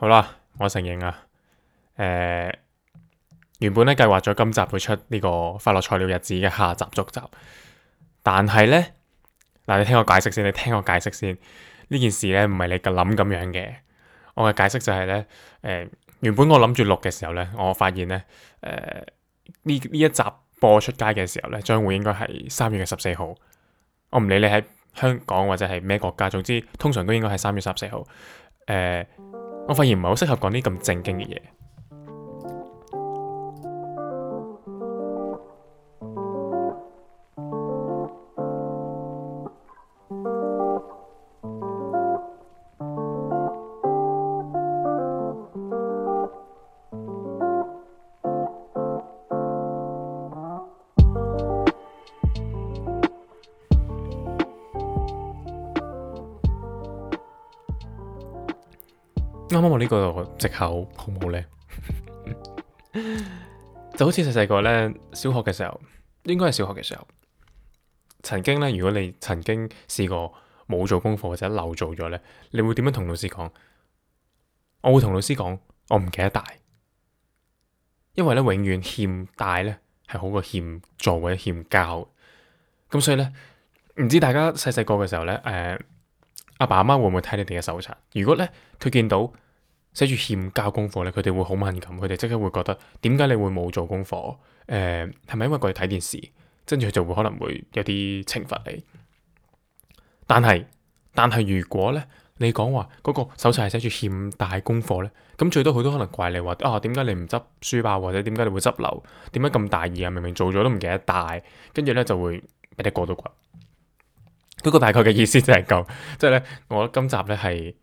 好啦，我承認啊。誒、呃，原本咧計劃咗今集會出呢、這個《快樂菜鳥日子》嘅下集續集，但係呢，嗱，你聽我解釋先。你聽我解釋先，呢件事呢唔係你嘅諗咁樣嘅。我嘅解釋就係呢，誒、呃，原本我諗住錄嘅時候呢，我發現咧，誒呢呢一集播出街嘅時候呢，將會應該係三月嘅十四號。我唔理你喺香港或者係咩國家，總之通常都應該係三月十四號。誒、呃。我發現唔係好適合講啲咁正經嘅嘢。啱啱我呢個藉口好唔好呢？ 就好似細細個呢，小學嘅時候，應該係小學嘅時候，曾經呢，如果你曾經試過冇做功課或者漏做咗呢，你會點樣同老師講？我會同老師講，我唔記得帶，因為呢永遠欠帶呢係好過欠做或者欠交。咁所以呢，唔知大家細細個嘅時候呢，誒、呃，阿爸阿媽會唔會睇你哋嘅手冊？如果呢，佢見到，寫住欠交功課咧，佢哋會好敏感，佢哋即刻會覺得點解你會冇做功課？誒、呃，係咪因為佢睇電視？跟住佢就會可能會有啲懲罰你。但係但係如果咧，你講話嗰個手冊係寫住欠帶功課咧，咁最多佢都可能怪你話啊，點解你唔執書包或者點解你會執漏？點解咁大意啊？明明做咗都唔記得帶，跟住咧就會俾你過到關。不、那、過、個、大概嘅意思就係咁，即係咧，我今集咧係。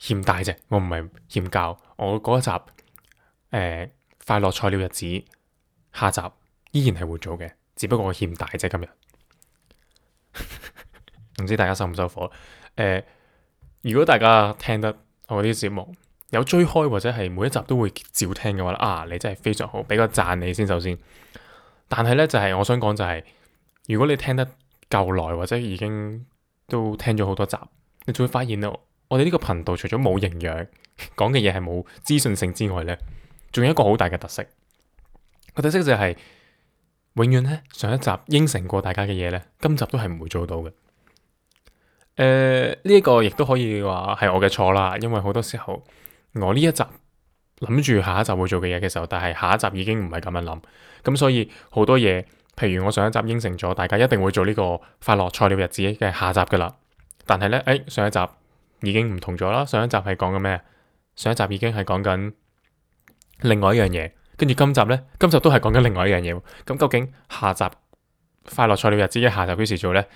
欠大啫，我唔係欠教。我嗰一集誒、呃《快樂菜鳥日子》下集依然係會做嘅，只不過我欠大啫。今日唔 知大家收唔收火？誒、呃，如果大家聽得我啲節目有追開或者係每一集都會照聽嘅話咧，啊，你真係非常好，俾個讚你先。首先，但係呢，就係、是、我想講就係、是，如果你聽得夠耐或者已經都聽咗好多集，你就會發現咯。我哋呢個頻道除咗冇營養，講嘅嘢係冇資訊性之外呢，仲有一個好大嘅特色。個特色就係永遠呢，上一集應承過大家嘅嘢呢，今集都係唔會做到嘅。誒，呢一個亦都可以話係我嘅錯啦。因為好多時候我呢一集諗住下一集會做嘅嘢嘅時候，但係下一集已經唔係咁樣諗咁，所以好多嘢，譬如我上一集應承咗大家一定會做呢個快樂菜鳥日子嘅下集噶啦，但係呢，誒，上一集。已經唔同咗啦，上一集係講緊咩？上一集已經係講緊另外一樣嘢，跟住今集呢？今集都係講緊另外一樣嘢。咁究竟下集《快樂菜鳥日子》嘅下集幾時做呢？誒、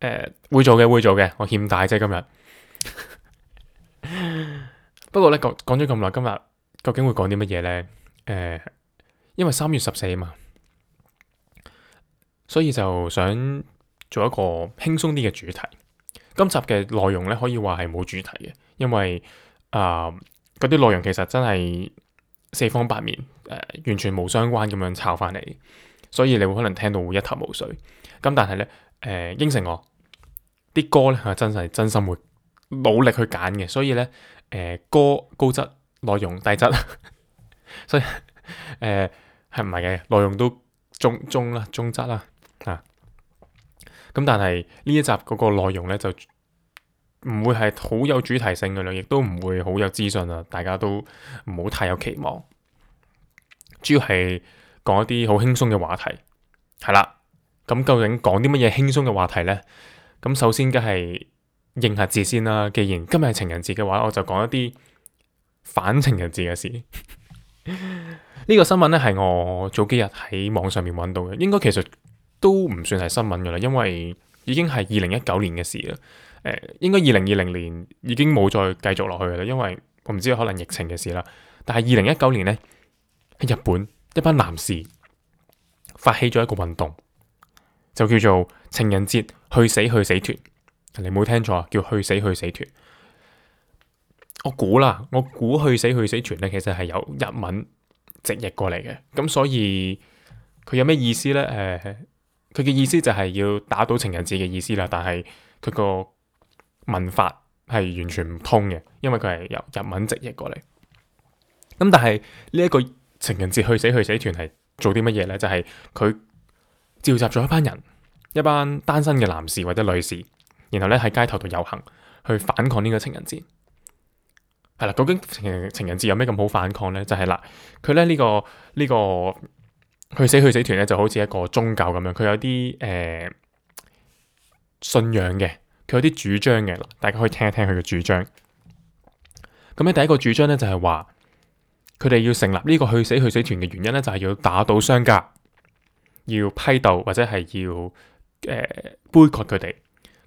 呃，會做嘅，會做嘅，我欠大啫今日。 不過呢，講講咗咁耐，今日究竟會講啲乜嘢呢？誒、呃，因為三月十四啊嘛，所以就想做一個輕鬆啲嘅主題。今集嘅內容咧，可以話係冇主題嘅，因為啊，嗰啲內容其實真係四方八面，誒、呃，完全冇相關咁樣炒翻嚟，所以你會可能會聽到會一頭霧水。咁但係咧，誒、呃，應承我啲歌咧，真係真心會努力去揀嘅，所以咧，誒、呃，歌高質，內容低質， 所以誒係唔係嘅，呃、內容都中中啦，中質啦，啊。咁但係呢一集嗰個內容呢，就唔會係好有主題性嘅，啦亦都唔會好有資訊啊！大家都唔好太有期望，主要係講一啲好輕鬆嘅話題，係啦。咁究竟講啲乜嘢輕鬆嘅話題呢？咁首先，梗係認下字先啦。既然今日係情人節嘅話，我就講一啲反情人節嘅事。呢 個新聞呢，係我早幾日喺網上面揾到嘅，應該其實。都唔算係新聞㗎啦，因為已經係二零一九年嘅事啦。誒、呃，應該二零二零年已經冇再繼續落去㗎啦，因為我唔知可能疫情嘅事啦。但係二零一九年呢，喺日本，一班男士發起咗一個運動，就叫做情人節去死去死團。你冇聽錯啊，叫去死去死團。我估啦，我估去死去死團呢其實係由日文直譯過嚟嘅。咁所以佢有咩意思呢？誒、呃。佢嘅意思就係要打倒情人節嘅意思啦，但係佢個文法係完全唔通嘅，因為佢係由日文直譯過嚟。咁、嗯、但係呢一個情人節去死去死團係做啲乜嘢呢？就係、是、佢召集咗一班人，一班單身嘅男士或者女士，然後咧喺街頭度遊行，去反抗呢個情人節。係、嗯、啦，究竟情人情人節有咩咁好反抗呢？就係、是、啦，佢咧呢個呢、這個。這個去死去死團咧就好似一個宗教咁樣，佢有啲誒、呃、信仰嘅，佢有啲主張嘅。嗱，大家可以聽一聽佢嘅主張。咁咧，第一個主張咧就係、是、話，佢哋要成立呢個去死去死團嘅原因咧就係、是、要打倒商家，要批鬥或者係要誒、呃、杯葛佢哋。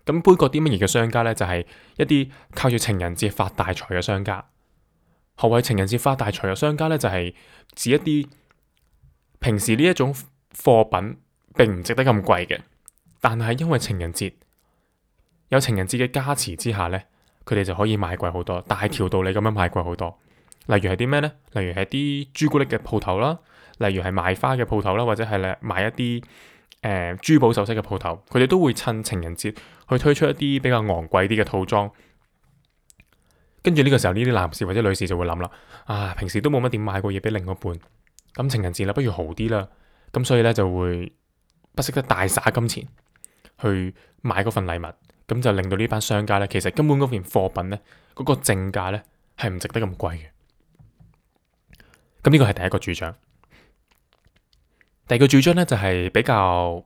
咁杯葛啲乜嘢嘅商家咧，就係、是、一啲靠住情人節發大財嘅商家。何謂情人節發大財嘅商家咧，就係、是、指一啲。平時呢一種貨品並唔值得咁貴嘅，但係因為情人節有情人節嘅加持之下呢，佢哋就可以買貴好多，大條道理咁樣買貴好多。例如係啲咩呢？例如係啲朱古力嘅鋪頭啦，例如係賣花嘅鋪頭啦，或者係咧買一啲誒、呃、珠寶首飾嘅鋪頭，佢哋都會趁情人節去推出一啲比較昂貴啲嘅套裝。跟住呢個時候，呢啲男士或者女士就會諗啦，啊，平時都冇乜點買過嘢俾另一半。咁情人節啦，不如豪啲啦，咁所以咧就會不惜得大灑金錢去買嗰份禮物，咁就令到呢班商家咧，其實根本嗰件貨品咧，嗰、那個正價咧係唔值得咁貴嘅。咁呢個係第一個主張。第二個主張咧就係、是、比較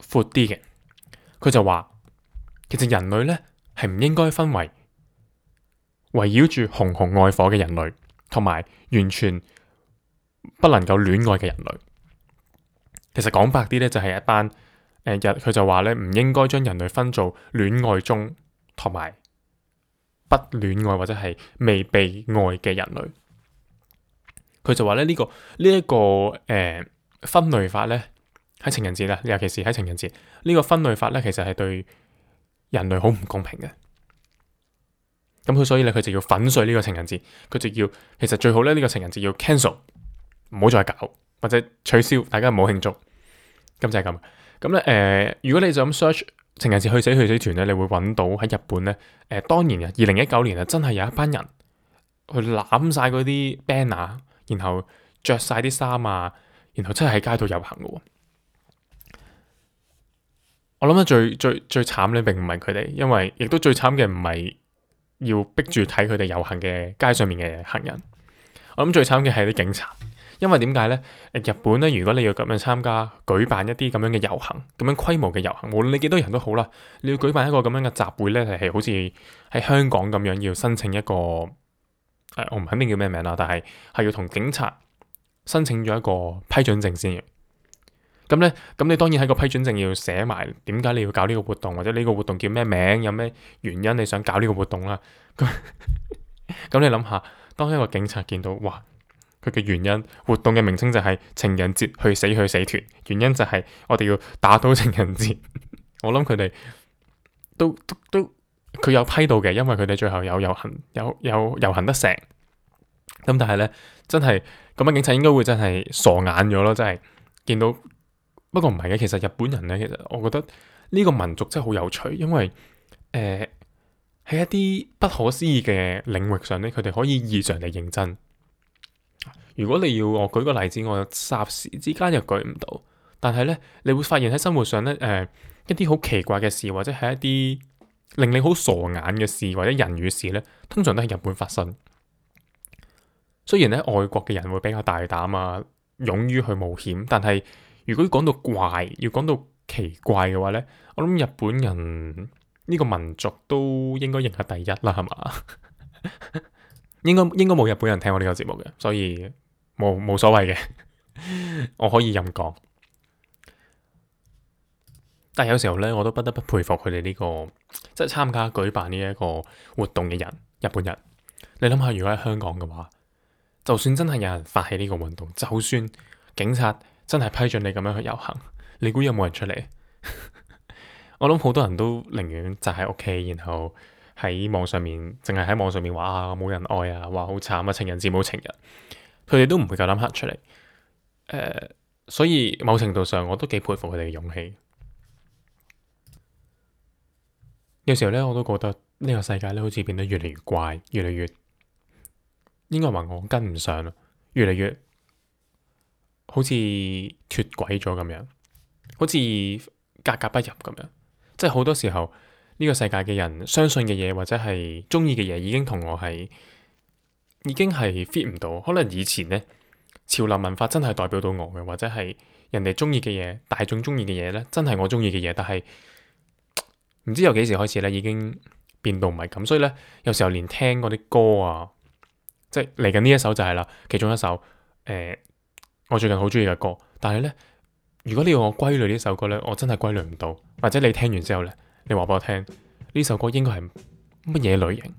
闊啲嘅，佢就話其實人類咧係唔應該分為圍繞住熊熊愛火嘅人類，同埋完全，不能夠戀愛嘅人類，其實講白啲、呃、呢，就係一班誒日佢就話呢，唔應該將人類分做戀愛中同埋不戀愛或者係未被愛嘅人類。佢就話咧呢、呢個呢一、呢個誒、呃、分類法呢，喺情人節啦，尤其是喺情人節呢、呢個分類法呢，其實係對人類好唔公平嘅。咁佢所以呢，佢就要粉碎呢個情人節，佢就要其實最好呢、呢、呢個情人節要 cancel。唔好再搞，或者取消，大家唔好慶祝。咁就係咁。咁咧，誒、呃，如果你就咁 search 情人節去死去死團咧，你會揾到喺日本咧。誒、呃，當年啊，二零一九年啊，真係有一班人去攬晒嗰啲 banner，然後着晒啲衫啊，然後真係喺街度遊行嘅、哦。我諗得最最最慘咧，並唔係佢哋，因為亦都最慘嘅唔係要逼住睇佢哋遊行嘅街上面嘅行人。我諗最慘嘅係啲警察。因為點解咧？日本咧，如果你要咁樣參加舉辦一啲咁樣嘅遊行，咁樣規模嘅遊行，無論你幾多人都好啦，你要舉辦一個咁樣嘅集會咧，係、就是、好似喺香港咁樣要申請一個誒、哎，我唔肯定叫咩名啦，但係係要同警察申請咗一個批准證先嘅。咁咧，咁你當然喺個批准證要寫埋點解你要搞呢個活動，或者呢個活動叫咩名，有咩原因你想搞呢個活動啦。咁，咁 你諗下，當一個警察見到，哇！佢嘅原因，活動嘅名稱就係情人節去死去死團。原因就係我哋要打倒情人節。 我諗佢哋都都佢有批到嘅，因為佢哋最後有遊行有遊行有有有遊行得成。咁但係呢，真係咁樣，警察應該會真係傻眼咗咯。真係見到，不過唔係嘅。其實日本人呢，其實我覺得呢個民族真係好有趣，因為誒喺、呃、一啲不可思議嘅領域上呢，佢哋可以異常地認真。如果你要我舉個例子，我霎時之間又舉唔到。但係呢，你會發現喺生活上呢，誒、呃、一啲好奇怪嘅事，或者係一啲令你好傻眼嘅事，或者人與事呢，通常都係日本發生。雖然呢，外國嘅人會比較大膽啊，勇於去冒險。但係如果要講到怪，要講到奇怪嘅話呢，我諗日本人呢個民族都應該認係第一啦，係嘛？ 應該應該冇日本人聽我呢個節目嘅，所以冇冇所謂嘅， 我可以任講。但係有時候咧，我都不得不佩服佢哋呢個，即係參加舉辦呢一個活動嘅人，日本人。你諗下，如果喺香港嘅話，就算真係有人發起呢個運動，就算警察真係批准你咁樣去遊行，你估有冇人出嚟？ 我諗好多人都寧願宅喺屋企，然後。喺網上面，淨係喺網上面話啊冇人愛啊，話好慘啊，情人節冇情人，佢哋都唔會夠膽黑出嚟。誒、呃，所以某程度上我，我都幾佩服佢哋嘅勇氣。 有時候呢，我都覺得呢個世界咧，好似變得越嚟越怪，越嚟越應該話我跟唔上啦，越嚟越好似脫軌咗咁樣，好似格格不入咁樣，即係好多時候。呢個世界嘅人相信嘅嘢，或者係中意嘅嘢，已經同我係已經係 fit 唔到。可能以前呢，潮流文化真係代表到我嘅，或者係人哋中意嘅嘢，大眾中意嘅嘢呢，真係我中意嘅嘢。但係唔知由幾時開始呢，已經變到唔係咁。所以呢，有時候連聽嗰啲歌啊，即係嚟緊呢一首就係啦，其中一首誒、呃，我最近好中意嘅歌。但係呢，如果你要我歸類呢首歌呢，我真係歸類唔到。或者你聽完之後呢。你話俾我聽，呢首歌應該係乜嘢類型？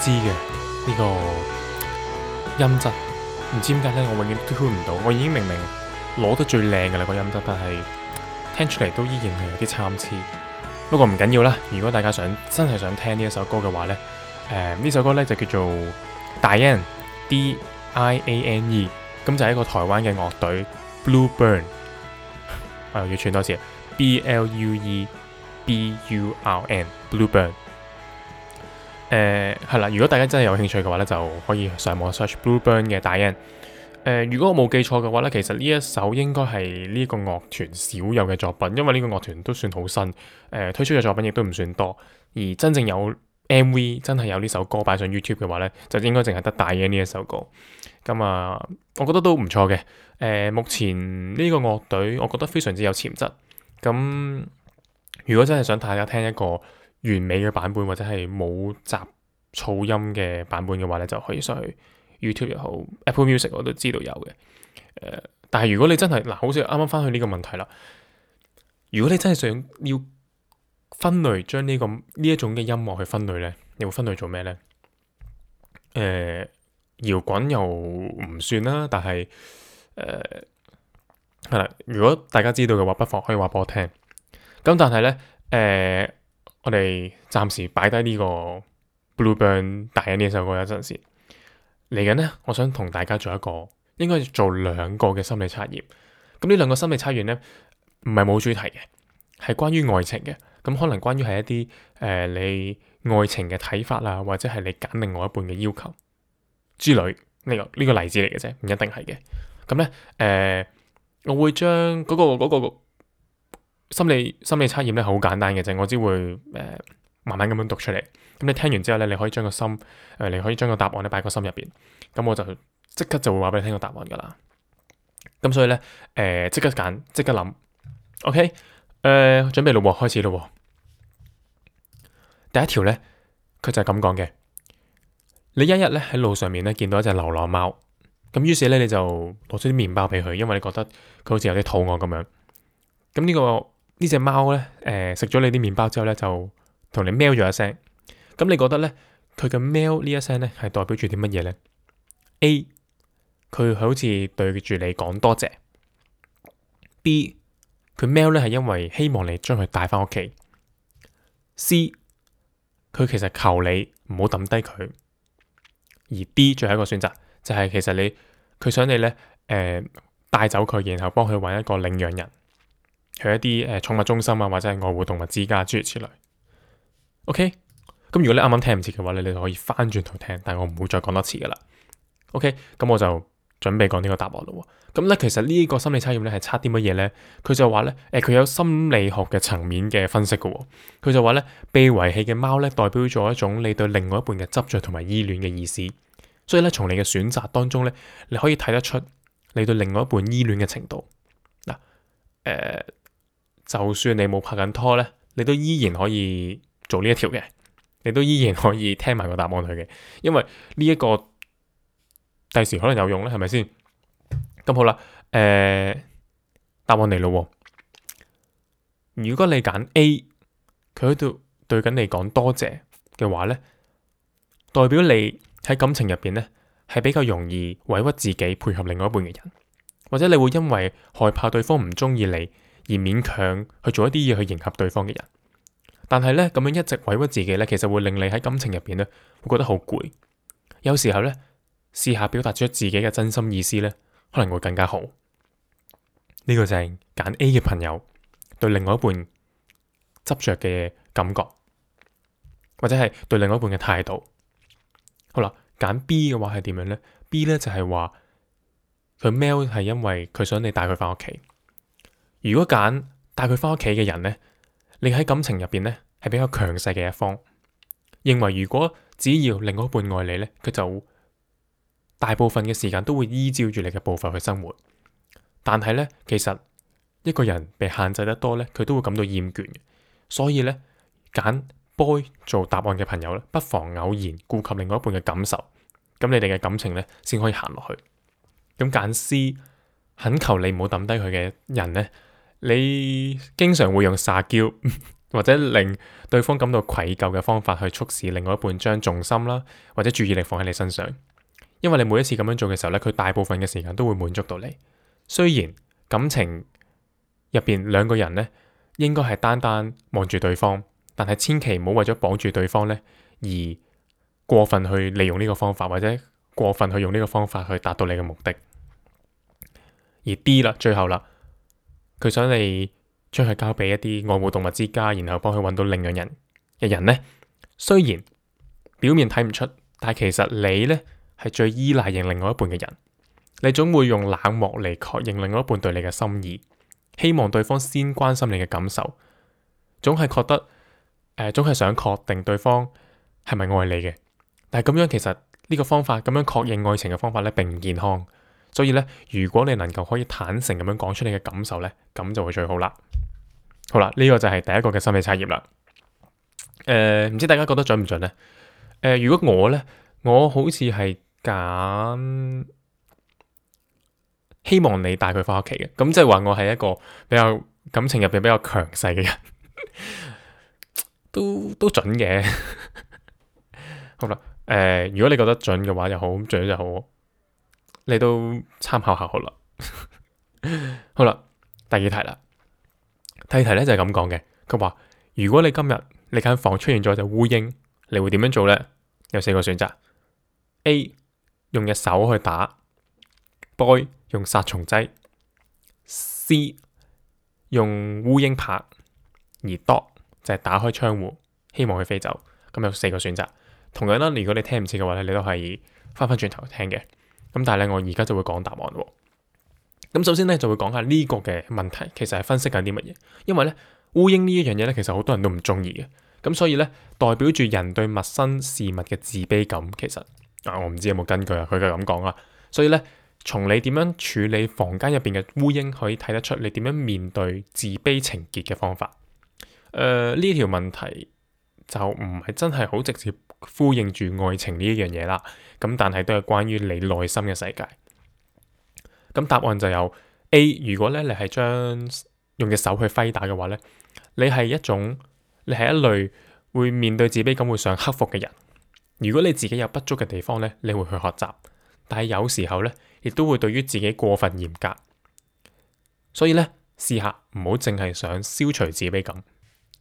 知嘅呢、這個音質，唔知點解咧，我永遠都聽唔到。我已經明明攞得最靚嘅兩個音質，但係聽出嚟都依然係有啲參差。不過唔緊要啦，如果大家想真係想聽呢一首歌嘅話咧，誒、呃、呢首歌咧就叫做 Diane Diane, D I A N E，咁就係一個台灣嘅樂隊 Blue Burn。 啊，要串多次 B L U E B U R N Blue Burn。誒，係、呃、啦，如果大家真係有興趣嘅話咧，就可以上網 search Blue Burn 嘅大 N。如果我冇記錯嘅話呢，其實呢一首應該係呢個樂團少有嘅作品，因為呢個樂團都算好新，呃，推出嘅作品亦都唔算多，而真正有 MV 真係有呢首歌擺上 YouTube 嘅話呢，就應該淨係得大 N 呢一首歌。咁啊，我覺得都唔錯嘅。誒、呃，目前呢個樂隊，我覺得非常之有潛質。咁如果真係想大家聽一個。完美嘅版本或者係冇雜噪音嘅版本嘅話咧，就可以上去 YouTube 又好，Apple Music 我都知道有嘅、呃。但係如果你真係嗱、啊，好似啱啱翻去呢個問題啦，如果你真係想要分類將呢、呢個呢一種嘅音樂去分類呢，你會分類做咩呢？誒、呃，搖滾又唔算啦，但係誒係啦。如果大家知道嘅話，不妨可以話俾我聽。咁但係呢，誒、呃。我哋暫時擺低呢個 Blueburn Diane 呢首歌一陣先，嚟緊呢，我想同大家做一個，應該做兩個嘅心理測驗。咁呢兩個心理測驗呢，唔係冇主題嘅，係關於愛情嘅。咁可能關於係一啲誒、呃，你愛情嘅睇法啦，或者係你揀另外一半嘅要求之類。呢、這個呢、這個例子嚟嘅啫，唔一定係嘅。咁呢，誒、呃，我會將嗰、那個個。那個那個心理心理測驗咧好簡單嘅啫。我只會誒、呃、慢慢咁樣讀出嚟。咁你聽完之後咧，你可以將個心誒、呃，你可以將個答案咧擺個心入邊。咁我就即刻就會話俾你聽個答案噶啦。咁所以咧誒，即、呃、刻揀，即刻諗。O K 誒，準備錄播開始咯。第一條咧，佢就係咁講嘅。你一日咧喺路上面咧見到一隻流浪貓，咁於是咧你就攞咗啲麵包俾佢，因為你覺得佢好似有啲肚餓咁樣。咁呢、這個。呢隻貓呢，誒、呃，食咗你啲麵包之後呢，就同你喵咗一聲。咁、嗯、你覺得呢？佢嘅喵呢一聲呢，係代表住啲乜嘢呢？A，佢好似對住你講多謝。B，佢喵呢係因為希望你將佢帶翻屋企。C，佢其實求你唔好抌低佢。而 D 最後一個選擇就係、是、其實你佢想你呢，誒、呃，帶走佢，然後幫佢揾一個領養人。去一啲誒、呃、寵物中心啊，或者係愛護動物之家諸如此類。OK，咁如果你啱啱聽唔切嘅話咧，你就可以翻轉頭聽，但係我唔會再講多次噶啦。OK，咁我就準備講呢個答案咯。咁咧，其實呢個心理測驗差異咧係差啲乜嘢咧？佢就話咧，誒、呃、佢有心理學嘅層面嘅分析嘅、哦。佢就話咧，被遺棄嘅貓咧代表咗一種你對另外一半嘅執着同埋依戀嘅意思。所以咧，從你嘅選擇當中咧，你可以睇得出你對另外一半依戀嘅程度。嗱、呃，誒。就算你冇拍緊拖呢，你都依然可以做呢一條嘅，你都依然可以聽埋個答案佢嘅，因為呢、這、一個第時可能有用啦，係咪先？咁好啦，誒、呃，答案嚟啦、哦。如果你揀 A，佢喺度對緊你講多謝嘅話呢，代表你喺感情入邊呢，係比較容易委屈自己配合另外一半嘅人，或者你會因為害怕對方唔中意你。而勉強去做一啲嘢去迎合對方嘅人，但係咧咁樣一直委屈自己咧，其實會令你喺感情入邊咧會覺得好攰。有時候咧，試下表達出自己嘅真心意思咧，可能會更加好。呢個就係揀 A 嘅朋友對另外一半執着嘅感覺，或者係對另外一半嘅態度。好啦，揀 B 嘅話係點樣呢？B 咧就係話佢喵係因為佢想你帶佢翻屋企。如果揀帶佢翻屋企嘅人呢，你喺感情入邊呢係比較強勢嘅一方，認為如果只要另外一半愛你呢，佢就大部分嘅時間都會依照住你嘅步伐去生活。但係呢，其實一個人被限制得多呢，佢都會感到厭倦嘅。所以呢，揀 boy 做答案嘅朋友呢，不妨偶然顧及另外一半嘅感受，咁你哋嘅感情呢，先可以行落去。咁揀 C，懇求你唔好抌低佢嘅人呢，你經常會用撒嬌或者令對方感到愧疚嘅方法去促使另外一半將重心啦或者注意力放喺你身上，因為你每一次咁樣做嘅時候咧，佢大部分嘅時間都會滿足到你。雖然感情入邊兩個人咧應該係單單望住對方，但係千祈唔好為咗綁住對方咧而過分去利用呢個方法，或者過分去用呢個方法去達到你嘅目的。而 D 啦，最後啦。佢想你將佢交俾一啲愛護動物之家，然後幫佢揾到另一人嘅人呢，雖然表面睇唔出，但其實你呢係最依賴型另外一半嘅人。你總會用冷漠嚟確認另外一半對你嘅心意，希望對方先關心你嘅感受，總係覺得誒、呃，總係想確定對方係咪愛你嘅。但係咁樣其實呢個方法咁樣確認愛情嘅方法呢，並唔健康。所以咧，如果你能夠可以坦誠咁樣講出你嘅感受咧，咁就會最好啦。好啦，呢、這個就係第一個嘅心理測驗啦。誒、呃，唔知大家覺得準唔準咧？誒、呃，如果我咧，我好似係揀希望你帶佢翻屋企嘅，咁即係話我係一個比較感情入邊比較強勢嘅人， 都都準嘅。 好啦，誒、呃，如果你覺得準嘅話又好，咁就好。你都參考下好啦， 好啦，第二題啦，第二題咧就係咁講嘅。佢話：如果你今日你間房出現咗隻烏蠅，你會點樣做咧？有四個選擇：A 用隻手去打，B 用殺蟲劑，C 用烏蠅拍，而 D od，就係打開窗戶，希望佢飛走。咁有四個選擇。同樣啦，如果你聽唔切嘅話咧，你都可以翻翻轉頭聽嘅。咁但係咧，我而家就會講答案喎。咁首先咧，就會講下呢個嘅問題，其實係分析緊啲乜嘢？因為咧，烏蠅呢一樣嘢咧，其實好多人都唔中意嘅。咁所以咧，代表住人對陌生事物嘅自卑感，其實啊，我唔知有冇根據啊，佢就咁講啦。所以咧，從你點樣處理房間入邊嘅烏蠅，可以睇得出你點樣面對自卑情結嘅方法。誒，呢條問題就唔係真係好直接呼應住愛情呢一樣嘢啦。咁但係都係關於你內心嘅世界。咁答案就有 A。如果咧，你係將用嘅手去揮打嘅話咧，你係一種，你係一類會面對自卑感會想克服嘅人。如果你自己有不足嘅地方咧，你會去學習。但係有時候咧，亦都會對於自己過分嚴格。所以咧，試下唔好淨係想消除自卑感，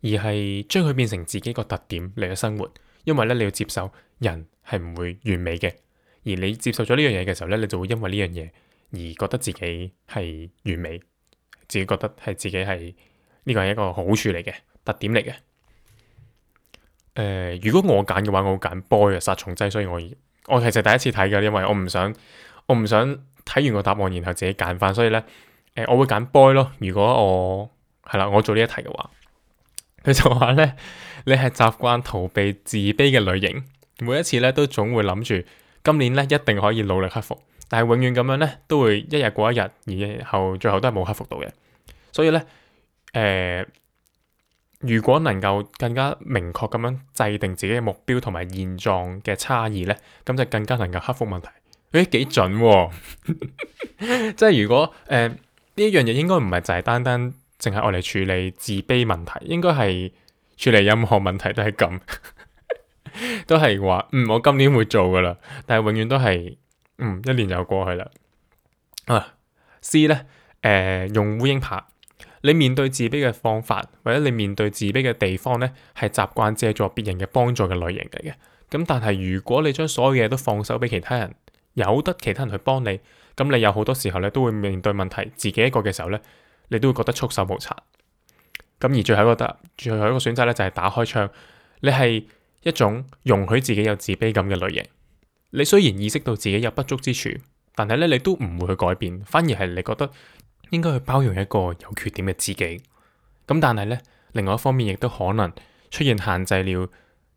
而係將佢變成自己個特點你嘅生活。因為咧，你要接受人係唔會完美嘅，而你接受咗呢樣嘢嘅時候咧，你就會因為呢樣嘢而覺得自己係完美，自己覺得係自己係呢個係一個好處嚟嘅特點嚟嘅。誒、呃，如果我揀嘅話，我會揀 boy 嘅殺蟲劑，所以我我其實第一次睇嘅，因為我唔想我唔想睇完個答案然後自己揀翻，所以咧，誒、呃，我會揀 boy 咯。如果我係啦，我做呢一題嘅話，佢就話咧。你係習慣逃避自卑嘅類型，每一次咧都總會諗住今年咧一定可以努力克服，但係永遠咁樣咧都會一日過一日，然後最後都係冇克服到嘅。所以咧，誒、呃，如果能夠更加明確咁樣制定自己嘅目標同埋現狀嘅差異咧，咁就更加能夠克服問題。誒幾準喎、哦！ 即係如果誒呢、呃、一樣嘢應該唔係就係單單淨係用嚟處理自卑問題，應該係。處理任何問題都係咁， 都係話，嗯，我今年會做噶啦，但係永遠都係，嗯，一年又過去啦。啊，C 咧，誒、呃，用烏蠅拍，你面對自卑嘅方法，或者你面對自卑嘅地方咧，係習慣借助別人嘅幫助嘅類型嚟嘅。咁但係如果你將所有嘢都放手俾其他人，由得其他人去幫你，咁你有好多時候咧都會面對問題。自己一個嘅時候咧，你都會覺得束手無策。咁而最後一個得，最後一個選擇咧就係打開窗。你係一種容許自己有自卑感嘅類型。你雖然意識到自己有不足之處，但係咧你都唔會去改變，反而係你覺得應該去包容一個有缺點嘅自己。咁但係咧，另外一方面亦都可能出現限制了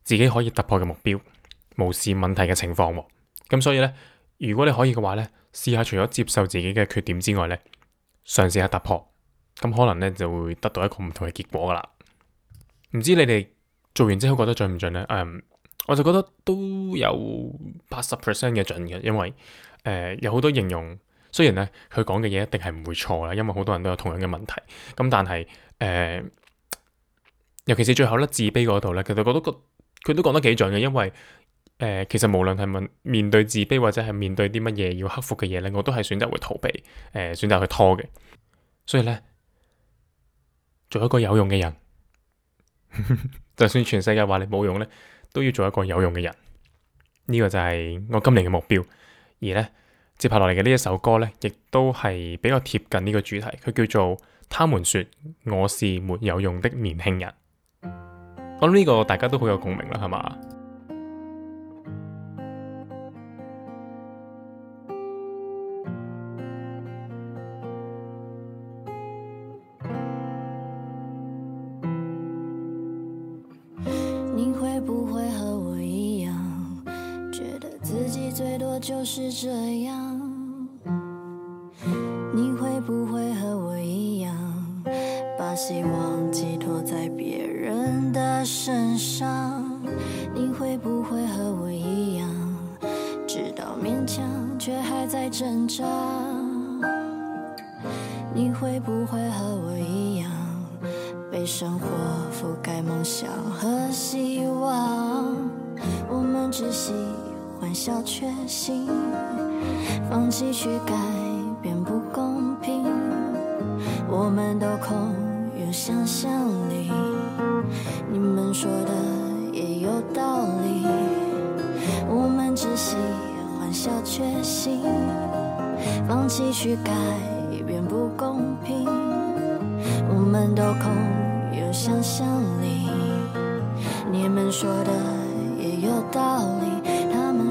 自己可以突破嘅目標，無視問題嘅情況。咁所以咧，如果你可以嘅話咧，試下除咗接受自己嘅缺點之外咧，嘗試下突破。咁可能咧就會得到一個唔同嘅結果噶啦，唔知你哋做完之後覺得準唔準呢？誒、um，我就覺得都有八十 percent 嘅準嘅，因為誒、呃、有好多形容，雖然咧佢講嘅嘢一定係唔會錯啦，因為好多人都有同樣嘅問題。咁但係誒、呃，尤其是最後咧自卑嗰度咧，其實我都覺得佢都講得幾準嘅，因為誒、呃、其實無論係面面對自卑或者係面對啲乜嘢要克服嘅嘢咧，我都係選擇會逃避，誒、呃、選擇去拖嘅，所以咧。做一個有用嘅人， 就算全世界話你冇用咧，都要做一個有用嘅人。呢、這個就係我今年嘅目標。而咧，接下嚟嘅呢一首歌咧，亦都係比較貼近呢個主題。佢叫做《他們說我是沒有用的年輕人》，我諗呢個大家都好有共鳴啦，係嘛？只喜歡小確幸，放棄去改變不公平。我們都空有想象力，你們說的也有道理。我們只喜歡小確幸，放棄去改變不公平。我們都空有想象力，你們說的也有道理。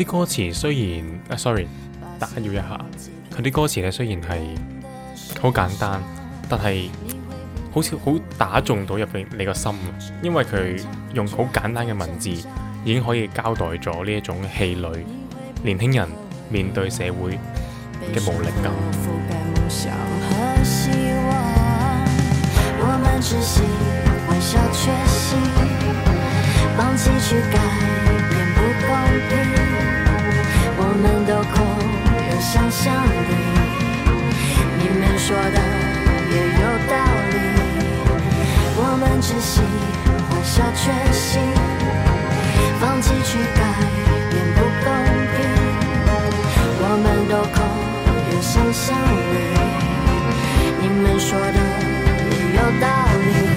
啲歌詞雖然、啊，sorry，打擾一下，佢啲歌詞咧雖然係好簡單，但係好似好打中到入邊你個心，因為佢用好簡單嘅文字，已經可以交代咗呢一種氣餒，年輕人面對社會嘅無力感、啊。都空有想象力，你們說的也有道理。我們只喜歡下決心，放棄去改變，不公平。我們都空有想象力，你們說的也有道理。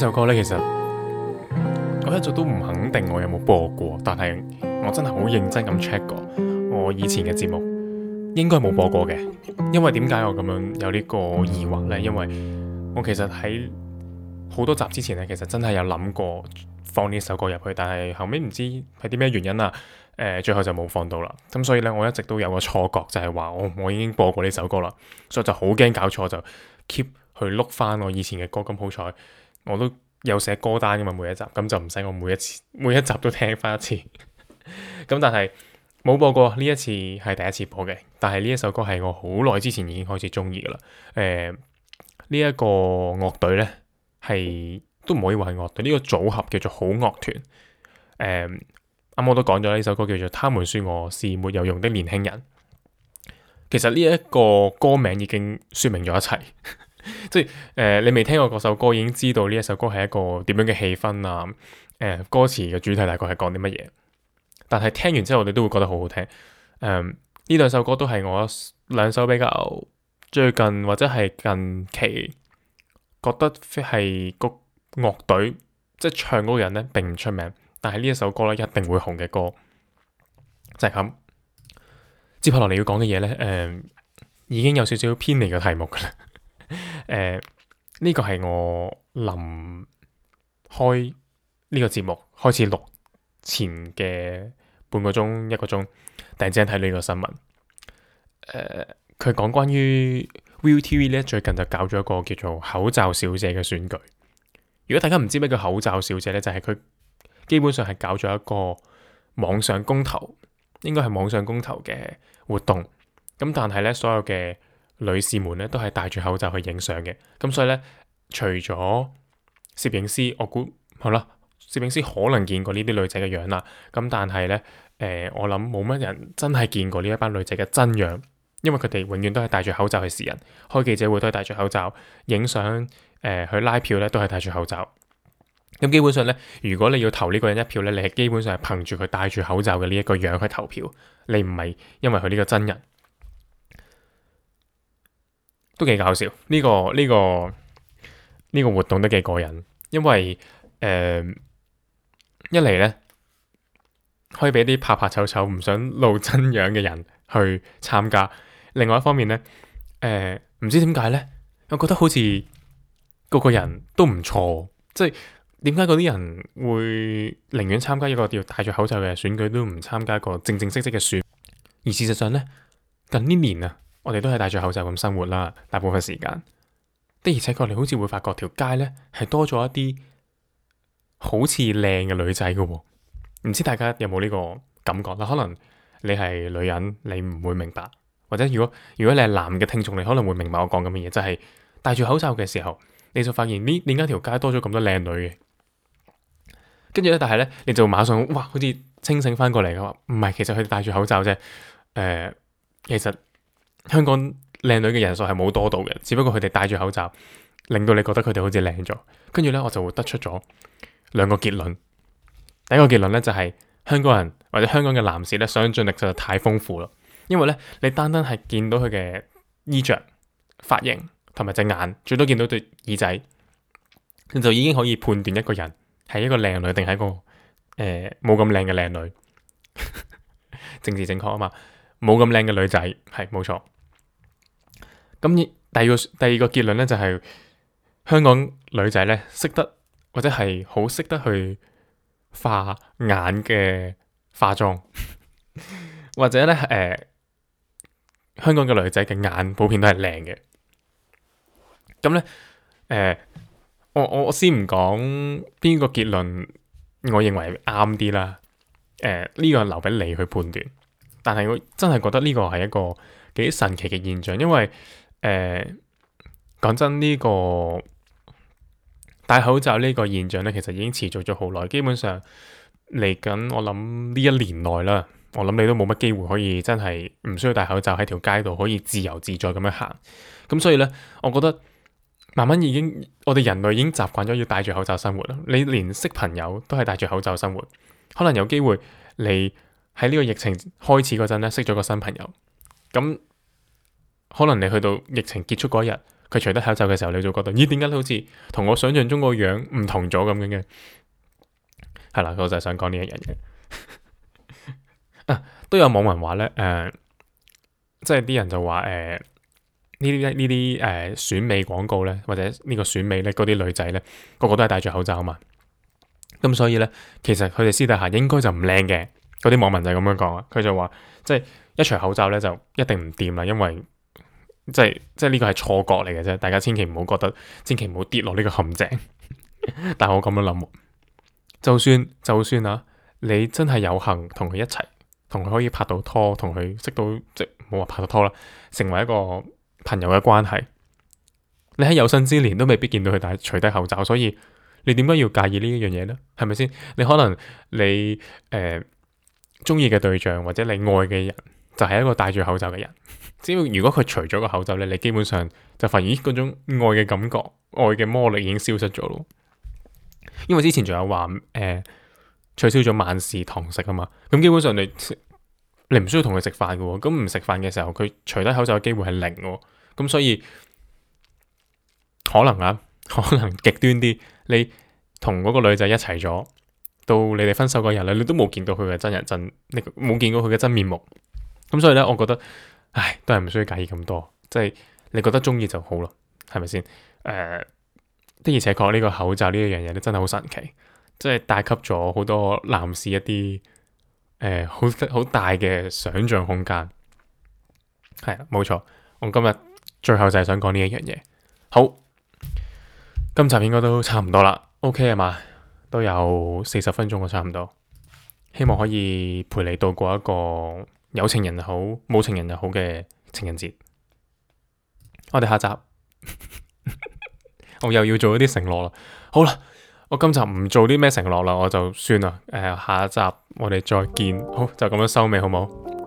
首歌咧，其實我一直都唔肯定我有冇播過，但係我真係好認真咁 check 過，我以前嘅節目應該冇播過嘅。因為點解我咁樣有呢個疑惑呢？因為我其實喺好多集之前呢，其實真係有諗過放呢首歌入去，但係後尾唔知係啲咩原因啊？誒、呃，最後就冇放到啦。咁所以呢，我一直都有個錯覺，就係、是、話我我已經播過呢首歌啦，所以就好驚搞錯，就 keep 去碌返我以前嘅歌。咁好彩。我都有寫歌單噶嘛，每一集咁就唔使我每一次每一集都聽翻一次。咁 但係冇播過，呢一次係第一次播嘅。但係呢一首歌係我好耐之前已經開始中意噶啦。誒、呃，呢、這、一個樂隊呢，係都唔可以話係樂隊，呢、這個組合叫做好樂團。誒、呃，啱我都講咗呢首歌叫做他們說我是沒有用的年輕人。其實呢一個歌名已經說明咗一切。即係誒，你未聽過嗰首歌，已經知道呢一首歌係一個點樣嘅氣氛啊？誒、呃，歌詞嘅主題大概係講啲乜嘢？但係聽完之後，你都會覺得好好聽。誒、呃，呢兩首歌都係我兩首比較最近或者係近期覺得係個樂隊即係唱嗰個人呢，並唔出名，但係呢一首歌呢，一定會紅嘅歌就係、是、咁。接下落嚟要講嘅嘢呢，誒、呃，已經有少少偏離嘅題目噶啦。誒，呢、呃這個係我臨開呢個節目開始錄前嘅半個鐘一個鐘，突然之間睇呢個新聞。佢、呃、講關於 Viu TV 咧，最近就搞咗一個叫做口罩小姐嘅選舉。如果大家唔知咩叫口罩小姐呢，就係、是、佢基本上係搞咗一個網上公投，應該係網上公投嘅活動。咁但係呢，所有嘅女士們咧都係戴住口罩去影相嘅，咁所以咧，除咗攝影師，我估好啦，攝影師可能見過呢啲女仔嘅樣啦，咁但係咧，誒，我諗冇乜人真係見過呢一班女仔嘅真樣，因為佢哋永遠都係戴住口罩去示人，開記者會都係戴住口罩影相，誒、呃，去拉票咧都係戴住口罩。咁基本上咧，如果你要投呢個人一票咧，你係基本上係憑住佢戴住口罩嘅呢一個樣去投票，你唔係因為佢呢個真人。都幾搞笑呢、呢個呢、呢個呢、呢個活動都幾過癮，因為誒、呃、一嚟呢可以俾啲怕怕、醜醜唔想露真樣嘅人去參加，另外一方面呢，誒、呃、唔知點解呢，我覺得好似個個人都唔錯，即係點解嗰啲人會寧願參加一個要戴住口罩嘅選舉，都唔參加一個正正式式嘅選舉？而事實上呢，近呢年啊。我哋都係戴住口罩咁生活啦，大部分時間的，而且確你好似會發覺條街咧係多咗一啲好似靚嘅女仔嘅喎，唔知大家有冇呢個感覺啦？可能你係女人，你唔會明白，或者如果如果你係男嘅聽眾，你可能會明白我講緊乜嘢，就係、是、戴住口罩嘅時候，你就發現呢點解條街多咗咁多靚女嘅，跟住咧，但係咧你就馬上哇，好似清醒翻過嚟嘅話，唔係，其實佢戴住口罩啫，誒、呃，其實。香港靚女嘅人數係冇多到嘅，只不過佢哋戴住口罩，令到你覺得佢哋好似靚咗。跟住咧，我就會得出咗兩個結論。第一個結論咧就係香港人或者香港嘅男士咧，想象力實在太豐富啦。因為咧，你單單係見到佢嘅衣着、髮型同埋隻眼，最多見到對耳仔，你就已經可以判斷一個人係一個靚女定係一個誒冇咁靚嘅靚女。 政治正確啊嘛。冇咁靚嘅女仔，係冇錯。咁第二個第二個結論咧，就係、是、香港女仔咧識得或者係好識得去化眼嘅化妝， 或者咧誒、呃，香港嘅女仔嘅眼普遍都係靚嘅。咁咧誒，我我我先唔講邊個結論，我認為啱啲啦。誒、呃、呢、這個留俾你去判斷。但係我真係覺得呢個係一個幾神奇嘅現象，因為誒講真呢個戴口罩呢個現象咧，其實已經持續咗好耐。基本上嚟緊，我諗呢一年內啦，我諗你都冇乜機會可以真係唔需要戴口罩喺條街度可以自由自在咁樣行。咁所以咧，我覺得慢慢已經我哋人類已經習慣咗要戴住口罩生活啦。你連識朋友都係戴住口罩生活，可能有機會你、喺呢個疫情開始嗰陣咧，識咗個新朋友，咁可能你去到疫情結束嗰日，佢除得口罩嘅時候，你就覺得，咦，點解好似同我想象中個樣唔同咗咁樣嘅？係啦，我就係想講呢一樣嘢。 啊，都有網民話咧，誒、呃，即係啲人就話誒，呢啲呢啲誒選美廣告咧，或者呢個選美咧，嗰啲女仔咧，個個都係戴住口罩嘛。咁所以咧，其實佢哋私底下應該就唔靚嘅。嗰啲網民就咁樣講啊，佢就話即係一除口罩咧，就一定唔掂啦，因為即係即係呢個係錯覺嚟嘅啫。大家千祈唔好覺得，千祈唔好跌落呢個陷阱。 但係我咁樣諗，就算就算啊，你真係有幸同佢一齊，同佢可以拍到拖，同佢識到即冇話拍到拖啦，成為一個朋友嘅關係，你喺有生之年都未必見到佢戴除低口罩，所以你點解要介意呢一樣嘢呢？係咪先？你可能你誒，呃中意嘅對象或者你愛嘅人就係、是、一個戴住口罩嘅人。只 要如果佢除咗個口罩咧，你基本上就發現，咦，嗰種愛嘅感覺、愛嘅魔力已經消失咗咯。因為之前仲有話，誒、呃，取消咗萬事堂食啊嘛。咁基本上你你唔需要同佢食飯嘅，咁唔食飯嘅時候，佢除低口罩嘅機會係零嘅、哦。咁所以可能啊，可能極端啲，你同嗰個女仔一齊咗。到你哋分手嗰日啦，你都冇見到佢嘅真人真，冇見過佢嘅真面目。咁所以咧，我覺得，唉，都係唔需要介意咁多。即係你覺得中意就好咯，係咪先？誒、呃、的而且確呢個口罩呢一樣嘢咧，真係好神奇，即係帶給咗好多男士一啲誒好好大嘅想像空間。係啊，冇錯。我今日最後就係想講呢一樣嘢。好，今集應該都差唔多啦。OK 啊嘛。都有四十分鐘啊，差唔多，希望可以陪你度過一個有情人又好、冇情人又好嘅情人節。我哋下集 我又要做一啲承諾啦。好啦，我今集唔做啲咩承諾啦，我就算啦。誒、呃，下一集我哋再見，好，就咁樣收尾，好唔好？